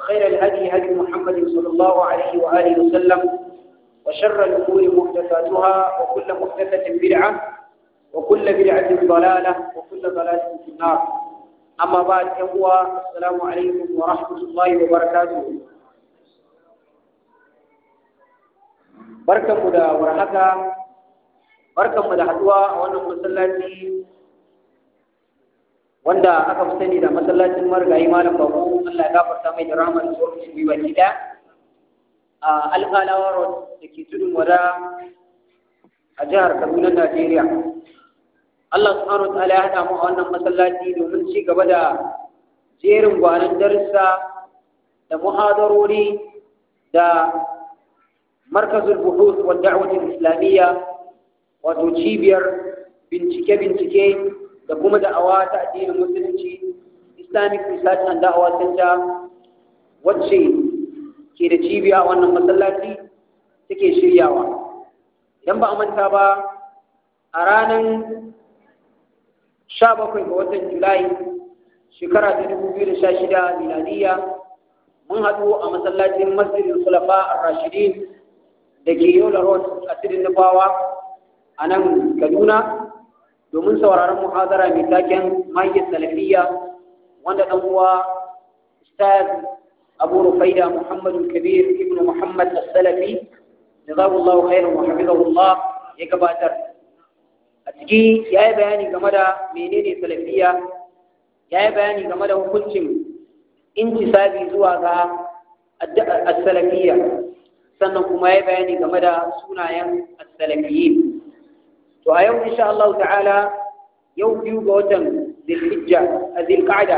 وخير الهدي هدي محمد صلى الله عليه وآله وسلم وشر الأمور محدثاتها وكل محدثة بدعة وكل بدعة ضلالة وكل ضلالة في النار أما بعد يقوى السلام عليكم ورحمة الله وبركاته بركة مدى ورحكة بركة مدى حدوى وأنا مسلاتي wanda aka fi sani da masallacin marigayi malam Babu, Allah ya gafarta mai da rahmar tsohon musulmi baki gida a alƙalawa road da ke tudun wada a jihar kaduna najeriya Allah subhanahu wa ta'ala ya haɗa mu a wannan masallaci domin ci gaba da jerin gwanan darussa da muhadarori da markazul buhuth wa islamiyya wato cibiyar bincike-bincike da kuma da'awa ta addinin musulunci islamic research and da'awa center wacce ke da cibiya a wannan masallaci take shiryawa idan ba a manta ba a ranar 17 ga watan julai shekara ta 2016 miladiya mun haɗu a masallacin masjidin sulafa a rashidin da ke yola road a tudun nufawa a nan kaduna domin sauraron muhadara mai taken mayyar salafiyya wanda dan uwa ustaz Abu Rufaida Muhammadu Kabir ibn Muhammad As-Salafi jazakallahu khairan wa hafizahullah ya gabatar a ciki ya yi bayani game da menene salafiya? ya yi bayani game da hukuncin intisabi zuwa ga as-salafiyya sannan kuma ya yi bayani game da sunayen as-salafiyyin Wa a yau insha Allah ta'ala yau biyu ga watan Zulhijja a Zulqa'da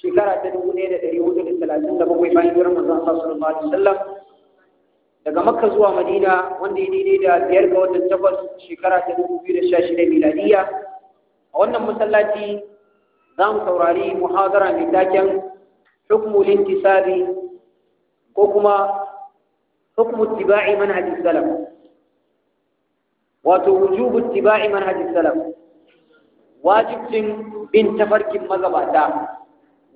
shekara ta dubu ɗaya da ɗari hudu da talatin da bakwai bayan hijirar manzon Allah sallallahu alaihi wasallam daga Makka zuwa Madina wanda ya daidai da biyar watan takwas shekara ta dubu biyu da sha shida miladiyya a wannan masallaci za mu saurari muhadara mai taken hukmul intisabi ko kuma wato wujubu tiba'i manhajis salaf wajibcin bin tafarkin magabata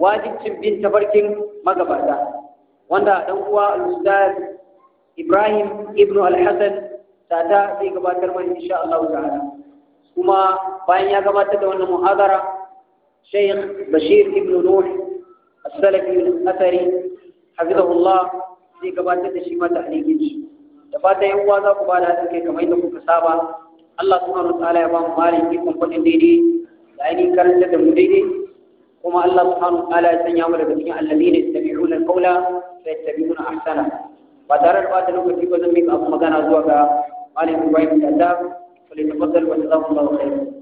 wajibcin bin tafarkin magabata wanda dan uwa al Ibrahim ibnu al-Hasan tata zai gabatar mana insha Allah ta'ala kuma bayan ya gabatar da wannan muhadara Sheikh Bashir ibnu Nuh as-Salafi al-Athari hafizahullah zai gabatar da shi ma ta'liqin fata yan uwa za ku ba da haɗin kai kamar yadda kuka saba Allah subhanahu wa ta'ala ya ba mu mali ikon kuɗin daidai da ainihin karanta da mu daidai kuma Allah subhanahu wa ta'ala ya sanya mu daga cikin alladhina yattabi'una al-qawla fa yattabi'una ahsana ba tare da bata lokaci ba zan mika abu magana zuwa ga Malam Ibrahim Dadda fa li tafaddal wa jazakumullahu khairan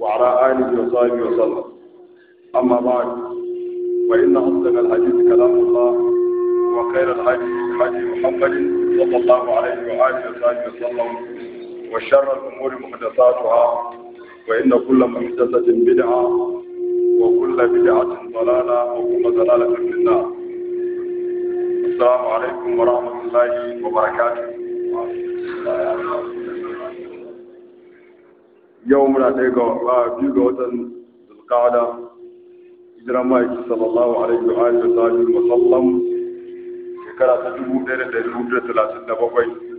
وعلى آله وصحبه وسلم أما بعد فإن أصدق الحديث كلام الله وخير الحديث حديث محمد صلى الله عليه وآله وصحبه وسلم وشر الأمور محدثاتها وإن كل محدثة بدعة وكل بدعة ضلالة وكل ضلالة في النار السلام عليكم ورحمة الله وبركاته yau muna ɗaya ga biyu ga watan zulkada hijiran ma'aiki sallallahu alaihi wa alihi wa sallam shekara ta dubu da da da bakwai